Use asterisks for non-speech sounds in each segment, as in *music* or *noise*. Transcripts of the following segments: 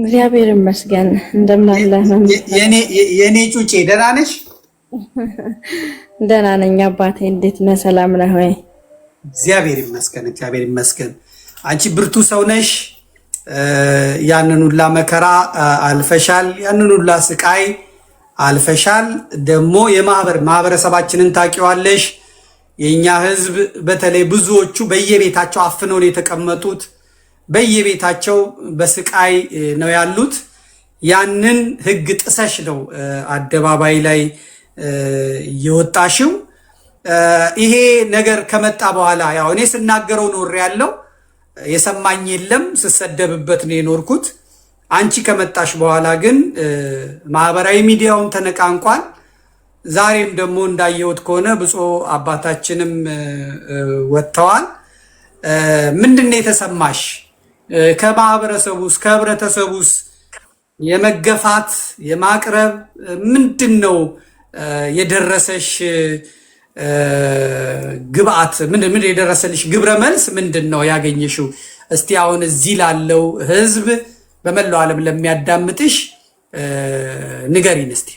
እግዚአብሔር ይመስገን። እንደምናለ የኔ ጩጬ ደህና ነሽ? ደህና ነኝ አባቴ። እንዴት ነህ? ሰላም ነህ ወይ? እግዚአብሔር ይመስገን፣ እግዚአብሔር ይመስገን። አንቺ ብርቱ ሰው ነሽ። ያንን ሁላ መከራ አልፈሻል። ያንን ሁላ ስቃይ አልፈሻል። ደግሞ የማህበር ማህበረሰባችንን ታውቂዋለሽ። የእኛ ህዝብ በተለይ ብዙዎቹ በየቤታቸው አፍነውን የተቀመጡት በየቤታቸው በስቃይ ነው ያሉት። ያንን ህግ ጥሰሽ ነው አደባባይ ላይ የወጣሽው። ይሄ ነገር ከመጣ በኋላ ያው እኔ ስናገረው ኖር ያለው የሰማኝ የለም፣ ስሰደብበት ነው የኖርኩት። አንቺ ከመጣሽ በኋላ ግን ማህበራዊ ሚዲያውን ተነቃንቋል። ዛሬም ደግሞ እንዳየሁት ከሆነ ብፁዕ አባታችንም ወጥተዋል። ምንድን ነው የተሰማሽ? ከማህበረሰቡ ውስጥ ከህብረተሰቡ ውስጥ የመገፋት የማቅረብ ምንድን ነው የደረሰሽ ግብአት ምን ምን የደረሰልሽ ግብረ መልስ ምንድን ነው ያገኘሽው? እስቲ አሁን እዚህ ላለው ህዝብ በመላው ዓለም ለሚያዳምጥሽ ንገሪን እስቲ።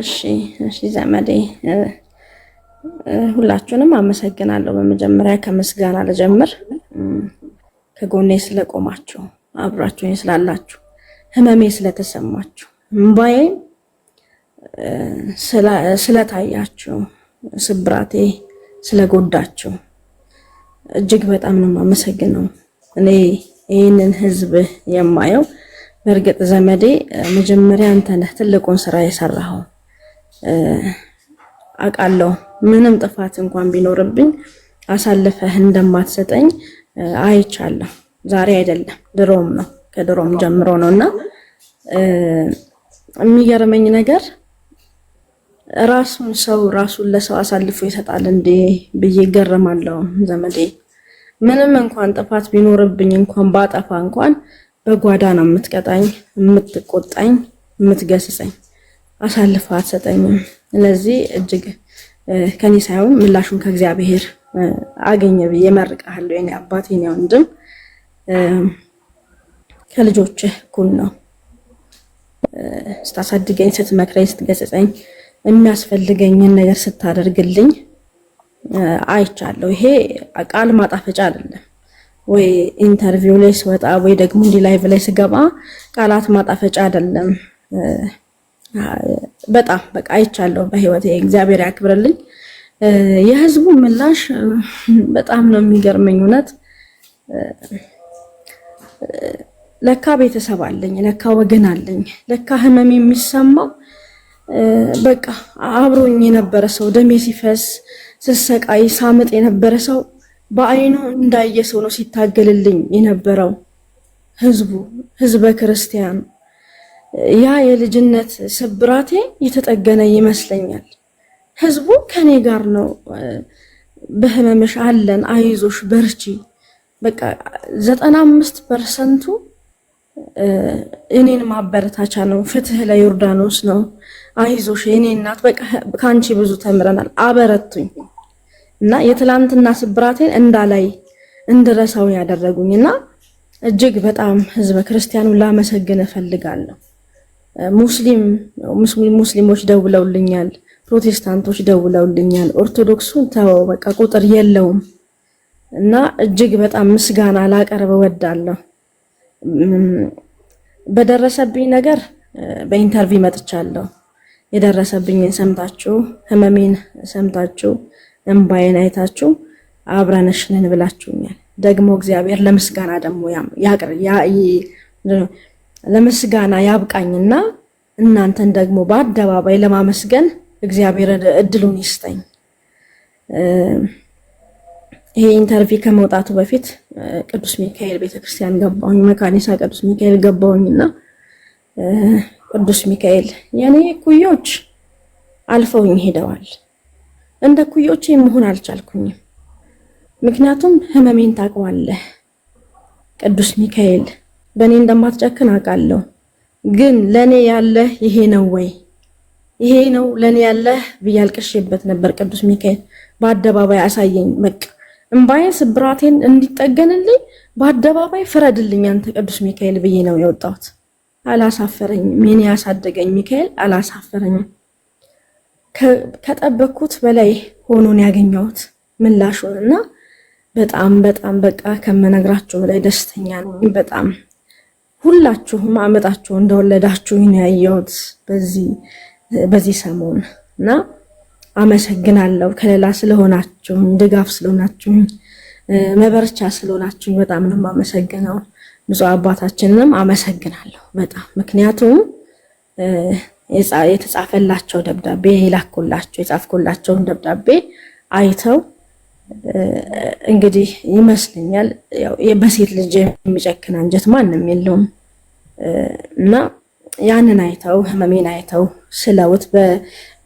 እሺ እሺ ዘመዴ ሁላችሁንም አመሰግናለሁ። በመጀመሪያ ከምስጋና ልጀምር። ከጎኔ ስለቆማችሁ፣ አብራችሁኝ ስላላችሁ፣ ህመሜ ስለተሰማችሁ፣ እምባዬ ስለታያችሁ፣ ስብራቴ ስለጎዳችሁ እጅግ በጣም ነው የማመሰግነው። እኔ ይህንን ህዝብ የማየው በእርግጥ ዘመዴ መጀመሪያ አንተ ነህ ትልቁን ስራ የሰራኸው አውቃለሁ። ምንም ጥፋት እንኳን ቢኖርብኝ አሳልፈህ እንደማትሰጠኝ አይቻለሁ። ዛሬ አይደለም ድሮም ነው፣ ከድሮም ጀምሮ ነው እና የሚገርመኝ ነገር ራሱን ሰው ራሱን ለሰው አሳልፎ ይሰጣል እንዴ ብዬ ይገረማለው። ዘመዴ ምንም እንኳን ጥፋት ቢኖርብኝ እንኳን ባጠፋ እንኳን በጓዳ ነው የምትቀጣኝ፣ የምትቆጣኝ፣ የምትገስጸኝ አሳልፈ አትሰጠኝም። ስለዚህ እጅግ ከኔ ሳይሆን ምላሹን ከእግዚአብሔር አገኘ ብዬ መርቀሃለሁ። የኔ አባት የኔ ወንድም ከልጆችህ እኩል ነው። ስታሳድገኝ፣ ስትመክረኝ፣ ስትገሰጸኝ የሚያስፈልገኝን ነገር ስታደርግልኝ አይቻለሁ። ይሄ ቃል ማጣፈጫ አይደለም ወይ ኢንተርቪው ላይ ስወጣ ወይ ደግሞ እንዲ ላይቭ ላይ ስገባ ቃላት ማጣፈጫ አይደለም። በጣም በቃ አይቻለሁ በህይወቴ። እግዚአብሔር ያክብርልኝ። የህዝቡ ምላሽ በጣም ነው የሚገርመኝ እውነት ለካ ቤተሰብ አለኝ፣ ለካ ወገን አለኝ፣ ለካ ህመም የሚሰማው በቃ አብሮኝ የነበረ ሰው ደሜ ሲፈስ ስሰቃይ ሳምጥ የነበረ ሰው በአይኑ እንዳየ ሰው ነው ሲታገልልኝ የነበረው ህዝቡ ህዝበ ክርስቲያኑ ያ የልጅነት ስብራቴ የተጠገነ ይመስለኛል። ህዝቡ ከኔ ጋር ነው። በህመምሽ አለን፣ አይዞሽ፣ በርቺ። በቃ ዘጠና አምስት ፐርሰንቱ እኔን ማበረታቻ ነው። ፍትህ ለዮርዳኖስ ነው። አይዞሽ የኔ እናት፣ በቃ ከአንቺ ብዙ ተምረናል። አበረቱኝ እና የትላንትና ስብራቴን እንዳላይ እንድረሳው ያደረጉኝ እና እጅግ በጣም ህዝበ ክርስቲያኑን ላመሰግን እፈልጋለሁ። ሙስሊም ሙስሊሞች ደውለውልኛል፣ ፕሮቴስታንቶች ደውለውልኛል። ኦርቶዶክሱን ተወው በቃ ቁጥር የለውም እና እጅግ በጣም ምስጋና ላቀርብ እወዳለሁ። በደረሰብኝ ነገር በኢንተርቪው መጥቻለሁ። የደረሰብኝን ሰምታችሁ ህመሜን ሰምታችሁ እምባዬን አይታችሁ አብረንሽንን ብላችሁኛል። ደግሞ እግዚአብሔር ለምስጋና ደግሞ ለምስጋና ያብቃኝና እናንተን ደግሞ በአደባባይ ለማመስገን እግዚአብሔር እድሉን ይስጠኝ። ይሄ ኢንተርቪው ከመውጣቱ በፊት ቅዱስ ሚካኤል ቤተክርስቲያን ገባሁኝ፣ መካኒሳ ቅዱስ ሚካኤል ገባሁኝና ቅዱስ ሚካኤል የኔ ኩዮች አልፈውኝ ሄደዋል። እንደ ኩዮቼ መሆን አልቻልኩኝም። ምክንያቱም ህመሜን ታውቀዋለህ ቅዱስ ሚካኤል በእኔ እንደማትጨክን አውቃለሁ። ግን ለእኔ ያለህ ይሄ ነው ወይ? ይሄ ነው ለእኔ ያለህ ብዬ አልቅሼበት ነበር። ቅዱስ ሚካኤል በአደባባይ አሳየኝ። በቃ እምባዬን፣ ስብራቴን እንዲጠገንልኝ በአደባባይ ፍረድልኝ አንተ ቅዱስ ሚካኤል ብዬ ነው የወጣሁት። አላሳፈረኝም። የኔ ያሳደገኝ ሚካኤል አላሳፈረኝም። ከጠበኩት በላይ ሆኖን ያገኘሁት ምላሹን እና በጣም በጣም በቃ ከመነግራቸው በላይ ደስተኛ ነኝ በጣም ሁላችሁም አመጣችሁ እንደወለዳችሁ ያየሁት በዚህ ሰሞን እና አመሰግናለሁ። ከሌላ ስለሆናችሁኝ፣ ድጋፍ ስለሆናችሁኝ፣ መበርቻ ስለሆናችሁኝ በጣም ነው የማመሰግነው። ብፁዕ አባታችንንም አመሰግናለሁ በጣም ምክንያቱም የተጻፈላቸው ደብዳቤ የላኩላቸው የጻፍኩላቸውን ደብዳቤ አይተው እንግዲህ ይመስለኛል በሴት ልጅ የሚጨክን አንጀት ማንም የለውም እና ያንን አይተው ህመሜን አይተው ስለውት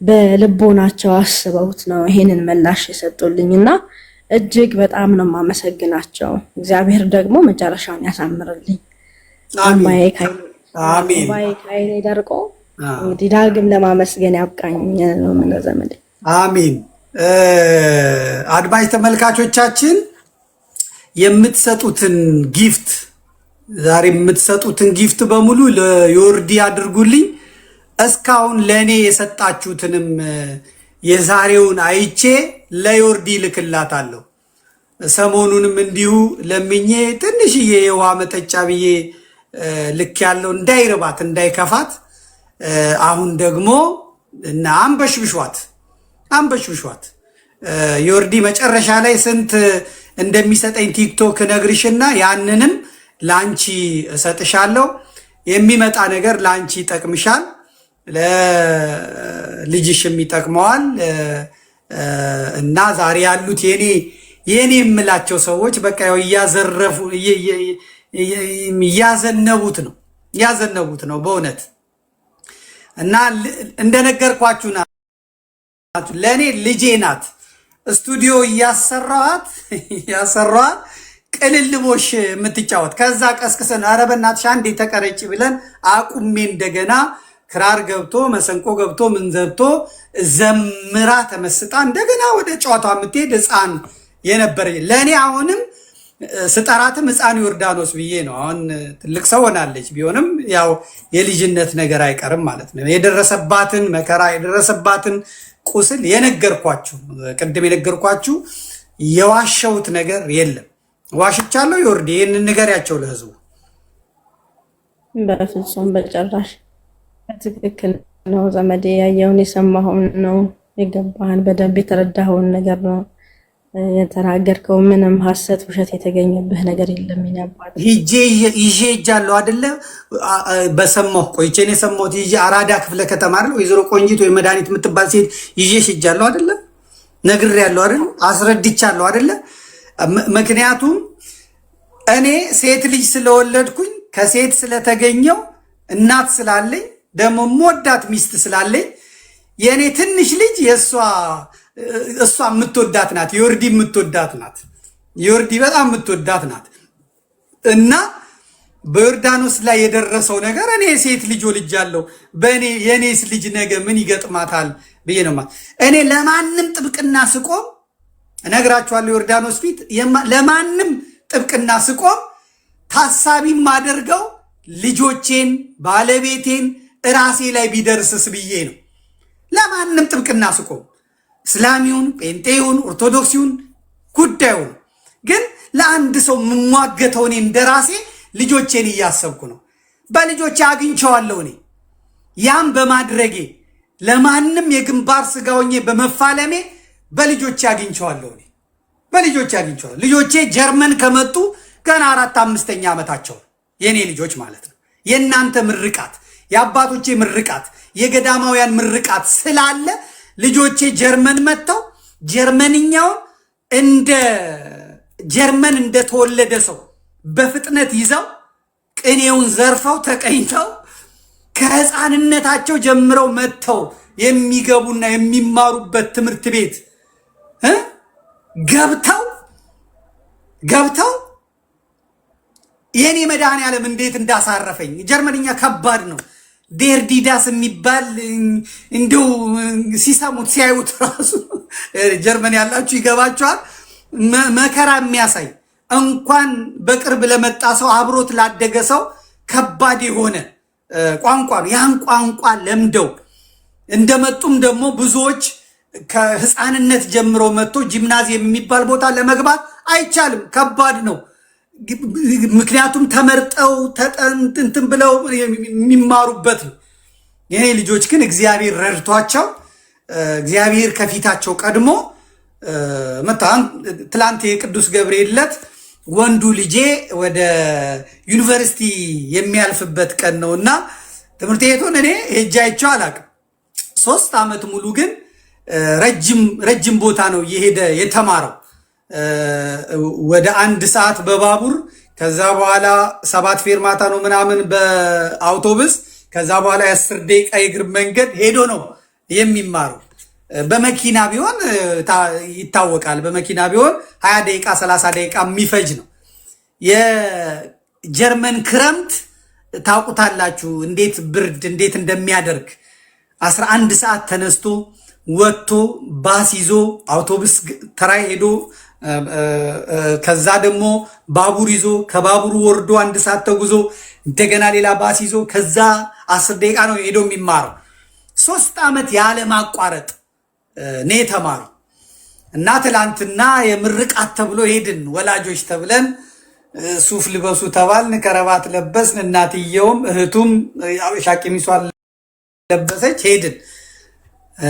በልቦናቸው አስበውት ነው ይሄንን ምላሽ የሰጡልኝ እና እጅግ በጣም ነው የማመሰግናቸው። እግዚአብሔር ደግሞ መጨረሻውን ያሳምርልኝ። ባይ ከዓይኔ ደርቆ እንግዲህ ዳግም ለማመስገን ያብቃኝ ነው። ዘመዴ አሜን። አድማጭ ተመልካቾቻችን የምትሰጡትን ጊፍት ዛሬ የምትሰጡትን ጊፍት በሙሉ ለዮርዲ አድርጉልኝ። እስካሁን ለእኔ የሰጣችሁትንም የዛሬውን አይቼ ለዮርዲ ልክላታለሁ። ሰሞኑንም እንዲሁ ለምኜ ትንሽዬ የውሃ መጠጫ ብዬ ልክ ያለው እንዳይርባት እንዳይከፋት፣ አሁን ደግሞ እና አንበሽብሿት አንበሽብሿት። ዮርዲ መጨረሻ ላይ ስንት እንደሚሰጠኝ ቲክቶክ ነግርሽና ያንንም ለአንቺ እሰጥሻለሁ። የሚመጣ ነገር ለአንቺ ይጠቅምሻል፣ ለልጅሽም ይጠቅመዋል። እና ዛሬ ያሉት የኔ የኔ የምላቸው ሰዎች በቃ እያዘረፉ እያዘነቡት ነው እያዘነቡት ነው በእውነት እና እንደነገርኳችሁና ለእኔ ልጄ ናት። ስቱዲዮ እያሰራኋት *laughs* እያሰራኋት ቅልልቦሽ የምትጫወት ከዛ ቀስቅሰን ኧረ በእናትሽ አንዴ ተቀረጭ ብለን አቁሜ እንደገና ክራር ገብቶ መሰንቆ ገብቶ ምን ዘብቶ ዘምራ ተመስጣ እንደገና ወደ ጨዋታ የምትሄድ ሕፃን የነበረ ለእኔ አሁንም ስጠራትም ሕፃን ዮርዳኖስ ብዬ ነው። አሁን ትልቅ ሰው ሆናለች። ቢሆንም ያው የልጅነት ነገር አይቀርም ማለት ነው። የደረሰባትን መከራ የደረሰባትን ቁስል የነገርኳችሁ ቅድም የነገርኳችሁ የዋሸሁት ነገር የለም። ዋሽቻለሁ። ይወርድ ይህንን ንገሪያቸው ለህዝቡ። በፍጹም በጭራሽ በትክክል ነው። ዘመዴ ያየውን የሰማሁን ነው የገባህን በደንብ የተረዳኸውን ነገር ነው የተናገርከው ምንም ሀሰት ውሸት የተገኘብህ ነገር የለም። ይነባል ሂጄ ይዤ እጃለሁ አይደለ? በሰማሁ ቆይቼን የሰማሁት ይዤ አራዳ ክፍለ ከተማ አይደለ? ወይዘሮ ቆንጂት ወይ መድኃኒት የምትባል ሴት ይዤ ይዤሽ እጃለሁ አይደለ? ነግሬያለሁ አይደለ? አስረድቻለሁ አደለ ምክንያቱም እኔ ሴት ልጅ ስለወለድኩኝ ከሴት ስለተገኘው እናት ስላለኝ ደግሞ የምወዳት ሚስት ስላለኝ የእኔ ትንሽ ልጅ የእሷ እሷ የምትወዳት ናት። ዮርዲ የምትወዳት ናት። ዮርዲ በጣም የምትወዳት ናት እና በዮርዳኖስ ላይ የደረሰው ነገር እኔ ሴት ልጅ ወልጃለሁ፣ በእኔ የእኔስ ልጅ ነገ ምን ይገጥማታል ብዬ ነው እኔ ለማንም ጥብቅና ስቆም እነግራችኋለሁ፣ ዮርዳኖስ ፊት ለማንም ጥብቅና ስቆም ታሳቢ ማደርገው ልጆቼን፣ ባለቤቴን፣ እራሴ ላይ ቢደርስስ ብዬ ነው። ለማንም ጥብቅና ስቆም እስላሚውን፣ ጴንጤውን፣ ኦርቶዶክሲውን ጉዳዩ ግን ለአንድ ሰው የምሟገተው እኔ እንደ ራሴ ልጆቼን እያሰብኩ ነው። በልጆቼ አግኝቸዋለሁ። እኔ ያም በማድረጌ ለማንም የግንባር ስጋ ሆኜ በመፋለሜ በልጆቼ አግኝቸዋለሁ። እኔ በልጆቼ አግኝቸዋለሁ። ልጆቼ ጀርመን ከመጡ ገና አራት አምስተኛ ዓመታቸው የእኔ ልጆች ማለት ነው። የእናንተ ምርቃት፣ የአባቶቼ ምርቃት፣ የገዳማውያን ምርቃት ስላለ ልጆቼ ጀርመን መጥተው ጀርመንኛውን እንደ ጀርመን እንደተወለደ ሰው በፍጥነት ይዘው ቅኔውን ዘርፈው ተቀኝተው ከህፃንነታቸው ጀምረው መጥተው የሚገቡና የሚማሩበት ትምህርት ቤት ገብተው ገብተው የኔ መድኃኔዓለም እንዴት እንዳሳረፈኝ ጀርመንኛ ከባድ ነው። ዴርዲዳስ የሚባል እንዲሁ ሲሰሙት ሲያዩት ራሱ ጀርመን ያላችሁ ይገባችኋል። መከራ የሚያሳይ እንኳን በቅርብ ለመጣ ሰው አብሮት ላደገ ሰው ከባድ የሆነ ቋንቋ ነው። ያን ቋንቋ ለምደው እንደመጡም ደግሞ ብዙዎች ከህፃንነት ጀምሮ መጥቶ ጂምናዚየም የሚባል ቦታ ለመግባት አይቻልም፣ ከባድ ነው። ምክንያቱም ተመርጠው ተጠንትንትን ብለው የሚማሩበት ነው። የኔ ልጆች ግን እግዚአብሔር ረድቷቸው እግዚአብሔር ከፊታቸው ቀድሞ ትላንት የቅዱስ ገብርኤል ዕለት ወንዱ ልጄ ወደ ዩኒቨርሲቲ የሚያልፍበት ቀን ነው እና ትምህርት ቤቱን እኔ ሄጃቸው አላቅም። ሶስት ዓመት ሙሉ ግን ረጅም ቦታ ነው የሄደ የተማረው ወደ አንድ ሰዓት በባቡር ከዛ በኋላ ሰባት ፌርማታ ነው ምናምን በአውቶቡስ ከዛ በኋላ የአስር ደቂቃ የእግር መንገድ ሄዶ ነው የሚማሩ። በመኪና ቢሆን ይታወቃል። በመኪና ቢሆን ሀያ ደቂቃ ሰላሳ ደቂቃ የሚፈጅ ነው። የጀርመን ክረምት ታውቁታላችሁ፣ እንዴት ብርድ እንዴት እንደሚያደርግ አስራ አንድ ሰዓት ተነስቶ ወጥቶ ባስ ይዞ አውቶቡስ ተራ ሄዶ ከዛ ደግሞ ባቡር ይዞ ከባቡሩ ወርዶ አንድ ሰዓት ተጉዞ እንደገና ሌላ ባስ ይዞ ከዛ አስር ደቂቃ ነው ሄዶ የሚማረው። ሶስት ዓመት ያለ ማቋረጥ ኔ ተማሩ እና ትላንትና የምርቃት ተብሎ ሄድን። ወላጆች ተብለን ሱፍ ልበሱ ተባልን፣ ከረባት ለበስን። እናትየውም እህቱም ሻቂ ሚሷን ለበሰች። ሄድን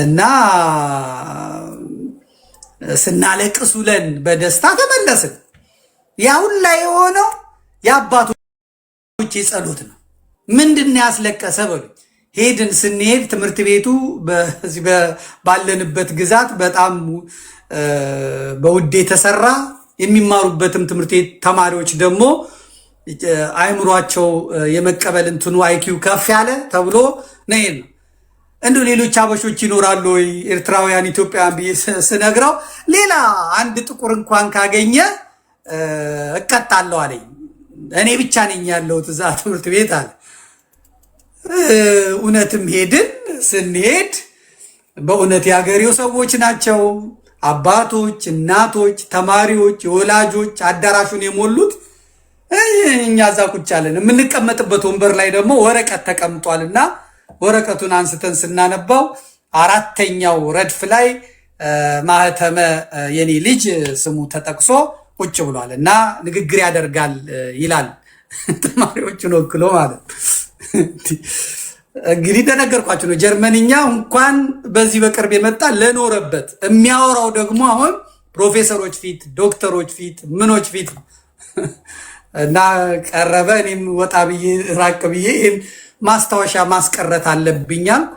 እና ስናለቅስ ውለን በደስታ ተመለስን። ያ ላይ የሆነው የአባቶች ጸሎት ነው። ምንድን ያስለቀሰ በሉ። ሄድን ስንሄድ ትምህርት ቤቱ ባለንበት ግዛት በጣም በውድ የተሰራ የሚማሩበትም ትምህርት ቤት ተማሪዎች ደግሞ አይምሯቸው የመቀበል እንትኑ አይኪው ከፍ ያለ ተብሎ ነው። እንዶ ሌሎች አበሾች ይኖራሉ ወይ ኤርትራውያን ኢትዮጵያን ብዬ ስነግረው ሌላ አንድ ጥቁር እንኳን ካገኘ እቀጣለሁ አለኝ። እኔ ብቻ ነኝ ያለሁት እዛ ትምህርት ቤት አለ። እውነትም ሄድን። ስንሄድ በእውነት የሀገሬው ሰዎች ናቸው። አባቶች፣ እናቶች፣ ተማሪዎች፣ ወላጆች አዳራሹን የሞሉት እኛ እዛ ቁጭ አለን። የምንቀመጥበት ወንበር ላይ ደግሞ ወረቀት ተቀምጧል እና ወረቀቱን አንስተን ስናነባው አራተኛው ረድፍ ላይ ማህተመ የኔ ልጅ ስሙ ተጠቅሶ ቁጭ ብሏል እና ንግግር ያደርጋል ይላል *laughs* ተማሪዎቹን ወክሎ ማለት *laughs* እንግዲህ እንደነገርኳቸው ነው። ጀርመንኛ እንኳን በዚህ በቅርብ የመጣ ለኖረበት የሚያወራው ደግሞ አሁን ፕሮፌሰሮች ፊት፣ ዶክተሮች ፊት፣ ምኖች ፊት *laughs* እና ቀረበ እኔም ወጣ ብዬ ራቅ ብዬ ማስታወሻ ማስቀረት አለብኝ አልኩ።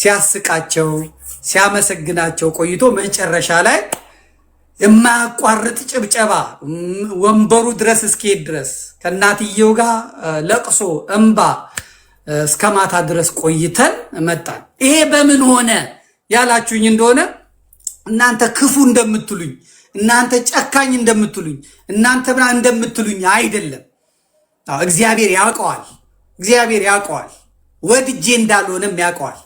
ሲያስቃቸው ሲያመሰግናቸው ቆይቶ መጨረሻ ላይ የማያቋርጥ ጭብጨባ ወንበሩ ድረስ እስኪሄድ ድረስ ከእናትየው ጋር ለቅሶ እምባ እስከ ማታ ድረስ ቆይተን መጣን። ይሄ በምን ሆነ ያላችሁኝ እንደሆነ እናንተ ክፉ እንደምትሉኝ፣ እናንተ ጨካኝ እንደምትሉኝ፣ እናንተ ብና እንደምትሉኝ አይደለም። እግዚአብሔር ያውቀዋል። እግዚአብሔር ያውቀዋል። ወድጄ እንዳልሆነም ያውቀዋል።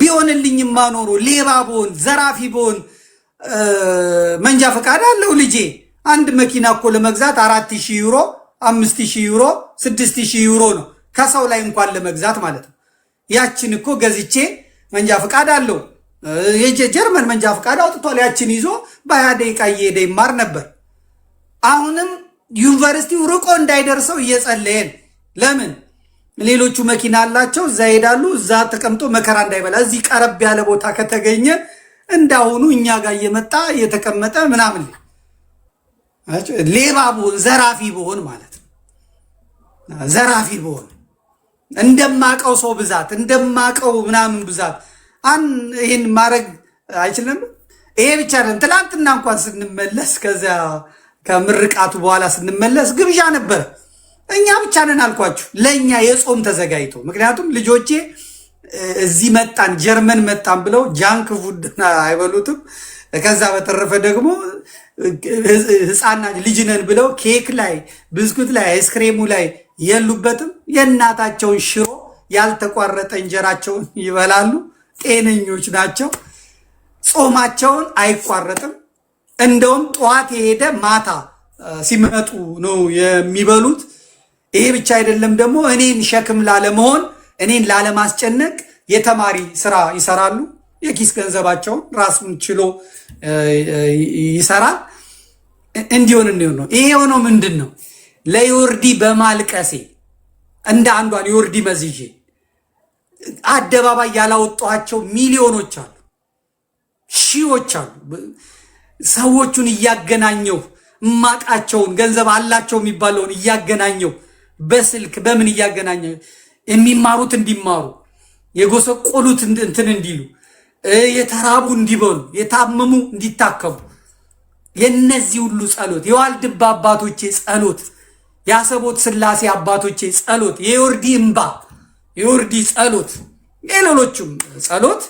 ቢሆንልኝማ ኖሮ ሌባ ብሆን ዘራፊ ብሆን መንጃ ፈቃድ አለው ልጄ። አንድ መኪና እኮ ለመግዛት አራት ሺህ ዩሮ፣ አምስት ሺህ ዩሮ፣ ስድስት ሺህ ዩሮ ነው ከሰው ላይ እንኳን ለመግዛት ማለት ነው። ያችን እኮ ገዝቼ መንጃ ፈቃድ አለው የጀርመን መንጃ ፈቃድ አውጥቷል። ያችን ይዞ በሀያ ደቂቃ እየሄደ ይማር ነበር። አሁንም ዩኒቨርሲቲው ርቆ እንዳይደርሰው እየጸለየን ለምን ሌሎቹ መኪና አላቸው፣ እዛ ይሄዳሉ። እዛ ተቀምጦ መከራ እንዳይበላ እዚህ ቀረብ ያለ ቦታ ከተገኘ እንዳሁኑ እኛ ጋር እየመጣ እየተቀመጠ ምናምን ሌባ ብሆን ዘራፊ ብሆን ማለት ነው። ዘራፊ ብሆን እንደማቀው ሰው ብዛት እንደማቀው ምናምን ብዛት አን ይህን ማድረግ አይችልም። ይሄ ብቻ አይደለም። ትላንትና እንኳን ስንመለስ ከዚያ ከምርቃቱ በኋላ ስንመለስ ግብዣ ነበር። እኛ ብቻ ነን አልኳችሁ፣ ለእኛ የጾም ተዘጋጅቶ። ምክንያቱም ልጆቼ እዚህ መጣን ጀርመን መጣን ብለው ጃንክ ፉድ አይበሉትም። ከዛ በተረፈ ደግሞ ህፃና ልጅ ነን ብለው ኬክ ላይ ብስኩት ላይ አይስክሬሙ ላይ የሉበትም። የእናታቸውን ሽሮ ያልተቋረጠ እንጀራቸውን ይበላሉ። ጤነኞች ናቸው። ጾማቸውን አይቋረጥም። እንደውም ጠዋት የሄደ ማታ ሲመጡ ነው የሚበሉት። ይሄ ብቻ አይደለም ደግሞ እኔን ሸክም ላለመሆን እኔን ላለማስጨነቅ የተማሪ ስራ ይሰራሉ። የኪስ ገንዘባቸውን ራሱን ችሎ ይሰራል። እንዲሆን እንዲሆን ነው። ይሄ የሆነው ምንድን ነው? ለዮርዲ በማልቀሴ እንደ አንዷን ዮርዲ መዝዤ አደባባይ ያላወጧቸው ሚሊዮኖች አሉ፣ ሺዎች አሉ። ሰዎቹን እያገናኘው እማቃቸውን ገንዘብ አላቸው የሚባለውን እያገናኘው በስልክ በምን እያገናኘ የሚማሩት እንዲማሩ የጎሰቆሉት እንትን እንዲሉ የተራቡ እንዲበሉ የታመሙ እንዲታከሙ የነዚህ ሁሉ ጸሎት የዋልድባ አባቶቼ ጸሎት የአሰቦት ስላሴ አባቶቼ ጸሎት የዮርዲ እምባ የዮርዲ ጸሎት የሌሎቹም ጸሎት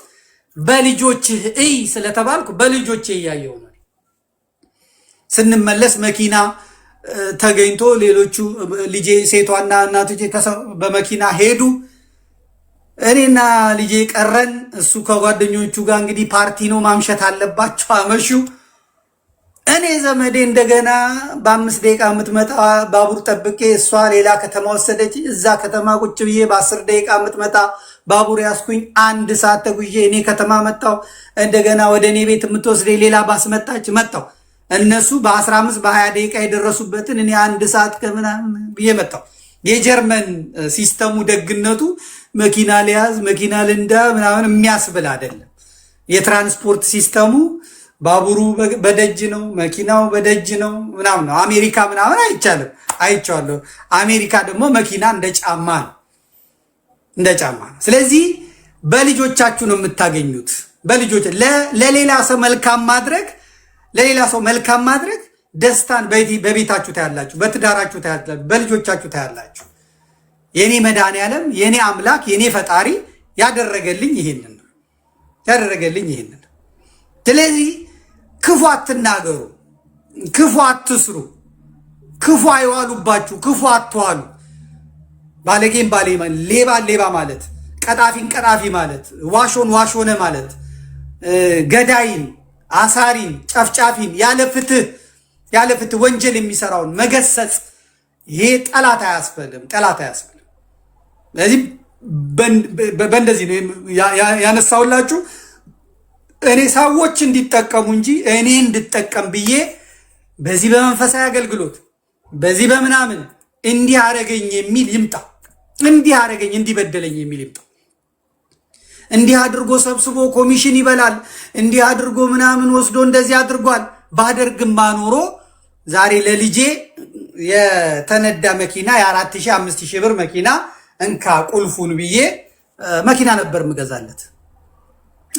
በልጆችህ እይ ስለተባልኩ በልጆች እያየው ነው። ስንመለስ መኪና ተገኝቶ ሌሎቹ ልጄ ሴቷና እናቶቼ በመኪና ሄዱ። እኔና ልጄ ቀረን። እሱ ከጓደኞቹ ጋር እንግዲህ ፓርቲ ነው ማምሸት አለባቸው አመሹ። እኔ ዘመዴ እንደገና በአምስት ደቂቃ የምትመጣ ባቡር ጠብቄ እሷ ሌላ ከተማ ወሰደች። እዛ ከተማ ቁጭ ብዬ በአስር ደቂቃ የምትመጣ ባቡር ያስኩኝ። አንድ ሰዓት ተጉዬ እኔ ከተማ መጣው እንደገና ወደ እኔ ቤት የምትወስደ ሌላ ባስ መጣች መጣው እነሱ በ15 በ20 ደቂቃ የደረሱበትን እኔ አንድ ሰዓት ከምናምን ብዬ የጀርመን ሲስተሙ ደግነቱ መኪና ሊያዝ መኪና ልንዳ ምናምን የሚያስብል አይደለም። የትራንስፖርት ሲስተሙ ባቡሩ በደጅ ነው፣ መኪናው በደጅ ነው ምናምን ነው። አሜሪካ ምናምን አይቻልም፣ አይቼዋለሁ። አሜሪካ ደግሞ መኪና እንደ ጫማ ነው፣ እንደ ጫማ ነው። ስለዚህ በልጆቻችሁ ነው የምታገኙት። በልጆች ለሌላ ሰው መልካም ማድረግ ለሌላ ሰው መልካም ማድረግ ደስታን በቤታችሁ ታያላችሁ፣ በትዳራችሁ ታያላችሁ፣ በልጆቻችሁ ታያላችሁ። የኔ መድኃኔዓለም የኔ አምላክ የኔ ፈጣሪ ያደረገልኝ ይህንን ነው ያደረገልኝ ይህንን። ስለዚህ ክፉ አትናገሩ፣ ክፉ አትስሩ፣ ክፉ አይዋሉባችሁ፣ ክፉ አትዋሉ። ባለጌም ባሌ፣ ሌባን ሌባ ማለት፣ ቀጣፊን ቀጣፊ ማለት፣ ዋሾን ዋሾነ ማለት፣ ገዳይን አሳሪን፣ ጨፍጫፊን ያለ ፍትህ ያለ ፍትህ ወንጀል የሚሰራውን መገሰጽ ይሄ ጠላት አያስፈልም፣ ጠላት አያስፈልም። ስለዚህ በእንደዚህ ነው ያነሳውላችሁ። እኔ ሰዎች እንዲጠቀሙ እንጂ እኔ እንድጠቀም ብዬ በዚህ በመንፈሳዊ አገልግሎት በዚህ በምናምን እንዲህ አረገኝ የሚል ይምጣ፣ እንዲህ አረገኝ እንዲህ በደለኝ የሚል ይምጣ። እንዲህ አድርጎ ሰብስቦ ኮሚሽን ይበላል፣ እንዲህ አድርጎ ምናምን ወስዶ እንደዚህ አድርጓል። ባደርግማ ኖሮ ዛሬ ለልጄ የተነዳ መኪና የአራት ሺህ አምስት ሺህ ብር መኪና እንካ ቁልፉን ብዬ መኪና ነበር ምገዛለት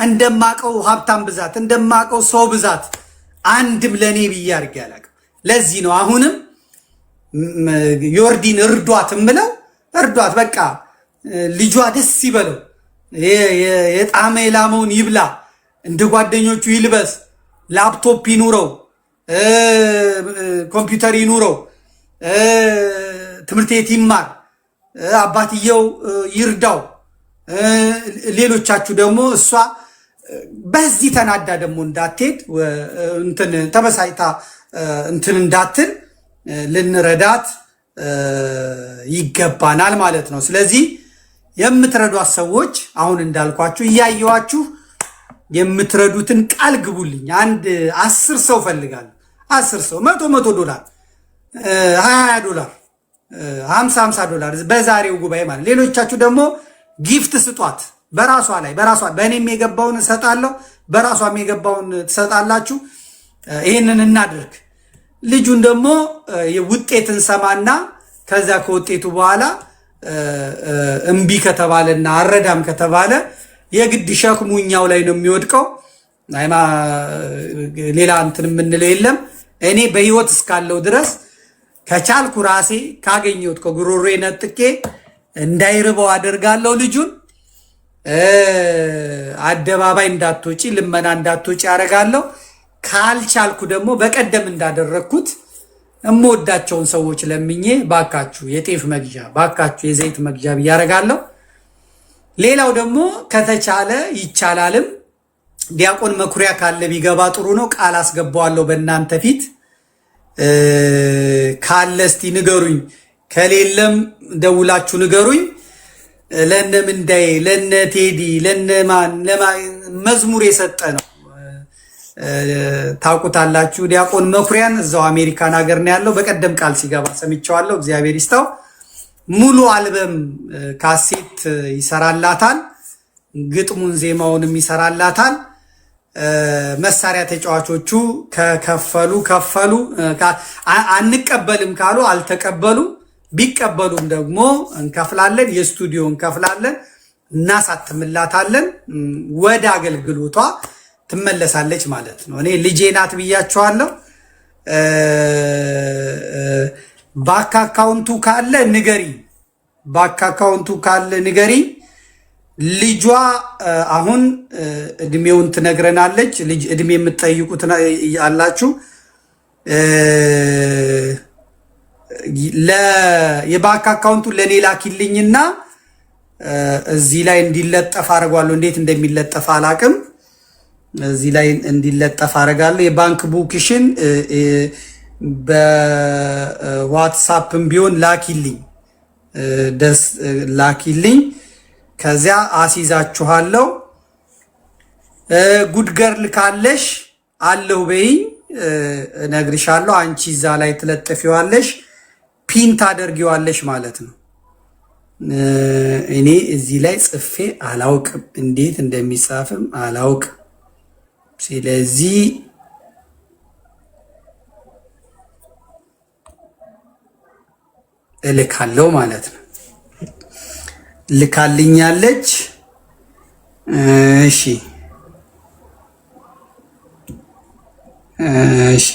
እንደማቀው ሀብታም ብዛት፣ እንደማቀው ሰው ብዛት አንድም ለእኔ ብዬ አድርጌ አላውቅም። ለዚህ ነው አሁንም ዮርዲን እርዷት እምለው እርዷት። በቃ ልጇ ደስ ይበለው። የጣመ የላመውን ይብላ፣ እንደ ጓደኞቹ ይልበስ፣ ላፕቶፕ ይኑረው፣ ኮምፒውተር ይኑረው፣ ትምህርት ቤት ይማር፣ አባትየው ይርዳው። ሌሎቻችሁ ደግሞ እሷ በዚህ ተናዳ ደግሞ እንዳትሄድ እንትን ተበሳጭታ እንትን እንዳትል ልንረዳት ይገባናል ማለት ነው። ስለዚህ የምትረዷት ሰዎች አሁን እንዳልኳችሁ እያየዋችሁ የምትረዱትን ቃል ግቡልኝ። አንድ አስር ሰው ፈልጋለሁ። አስር ሰው መቶ መቶ ዶላር ሀያ ዶላር ሀምሳ ሀምሳ ዶላር በዛሬው ጉባኤ ማለት። ሌሎቻችሁ ደግሞ ጊፍት ስጧት። በራሷ ላይ በራሷ በእኔም የገባውን እሰጣለሁ፣ በራሷም የገባውን ትሰጣላችሁ። ይህንን እናድርግ። ልጁን ደግሞ ውጤት እንሰማና ከዚያ ከውጤቱ በኋላ እምቢ ከተባለና አረዳም ከተባለ የግድ ሸክሙኛው ላይ ነው የሚወድቀው። ሌላ እንትን የምንለው የለም። እኔ በህይወት እስካለው ድረስ ከቻልኩ ራሴ ካገኘሁት ከጉሮሮ ነጥቄ እንዳይርበው አደርጋለሁ። ልጁን አደባባይ እንዳትወጪ፣ ልመና እንዳትወጪ አደርጋለሁ። ካልቻልኩ ደግሞ በቀደም እንዳደረግኩት የምወዳቸውን ሰዎች ለምኜ ባካችሁ የጤፍ መግዣ ባካችሁ የዘይት መግዣ ብያደርጋለሁ። ሌላው ደግሞ ከተቻለ ይቻላልም ዲያቆን መኩሪያ ካለ ቢገባ ጥሩ ነው። ቃል አስገባዋለሁ በእናንተ ፊት ካለ እስቲ ንገሩኝ፣ ከሌለም ደውላችሁ ንገሩኝ። ለነ ምንዳዬ ለነ ቴዲ ለነ ማን መዝሙር የሰጠ ነው። ታውቁታላችሁ። ዲያቆን መኩሪያን እዛው አሜሪካን ሀገር ነው ያለው። በቀደም ቃል ሲገባ ሰምቼዋለሁ። እግዚአብሔር ይስታው። ሙሉ አልበም ካሴት ይሰራላታል። ግጥሙን ዜማውንም ይሰራላታል። መሳሪያ ተጫዋቾቹ ከከፈሉ ከፈሉ፣ አንቀበልም ካሉ አልተቀበሉ ቢቀበሉም ደግሞ እንከፍላለን፣ የስቱዲዮ እንከፍላለን፣ እናሳትምላታለን ወደ አገልግሎቷ ትመለሳለች ማለት ነው። እኔ ልጄ ናት ብያችኋለሁ። ባክ አካውንቱ ካለ ንገሪ፣ ባክ አካውንቱ ካለ ንገሪ። ልጇ አሁን እድሜውን ትነግረናለች። ልጅ እድሜ የምትጠይቁት አላችሁ። የባክ አካውንቱ ለእኔ ላኪልኝና እዚህ ላይ እንዲለጠፍ አድርጓለሁ። እንዴት እንደሚለጠፍ አላቅም። እዚህ ላይ እንዲለጠፍ አደርጋለሁ። የባንክ ቡክሽን በዋትሳፕም ቢሆን ላኪልኝ ደስ ላኪልኝ። ከዚያ አስይዛችኋለሁ። ጉድገርል ካለሽ አለሁ በይኝ፣ እነግርሻለሁ። አንቺ እዛ ላይ ትለጥፊዋለሽ፣ ፒን ታደርጊዋለሽ ማለት ነው። እኔ እዚህ ላይ ጽፌ አላውቅም፣ እንዴት እንደሚጻፍም አላውቅም። ስለዚህ እልካለው ማለት ነው። ልካልኛለች። እሺ እሺ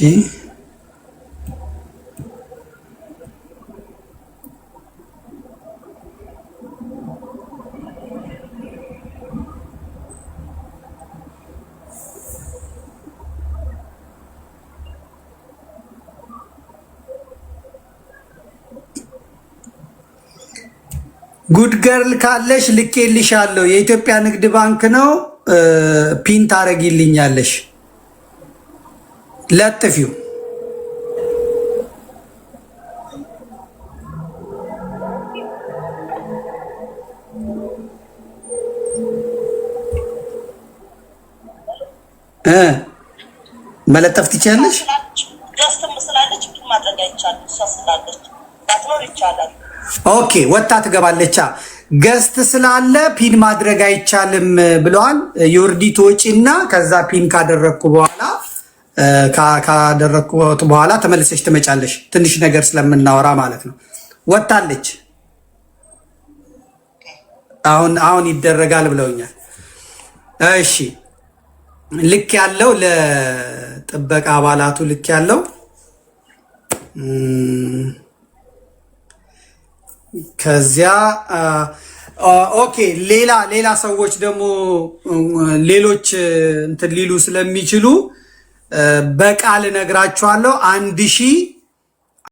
ጉድ ገርል ካለሽ ልኬልሻለሁ። የኢትዮጵያ ንግድ ባንክ ነው። ፒን ታረጊልኛለሽ፣ ለጥፊው። መለጠፍ ትችላለሽ። ስላለች ማድረግ አይቻልም። እሷ ስላለች ባትኖር ይቻላል። ኦኬ ወጣ ትገባለቻ። ገስት ስላለ ፒን ማድረግ አይቻልም ብለዋል። ዮርዲት ወጪ እና ከዛ ፒን ካደረግኩ በኋላ ካደረግኩት በኋላ ተመልሰች ትመጫለች ትንሽ ነገር ስለምናወራ ማለት ነው። ወጣለች። አሁን አሁን ይደረጋል ብለውኛል። እሺ ልክ ያለው ለጥበቃ አባላቱ ልክ ያለው ከዚያ ኦኬ ሌላ ሌላ ሰዎች ደግሞ ሌሎች እንትን ሊሉ ስለሚችሉ በቃል እነግራችኋለሁ አንድ ሺህ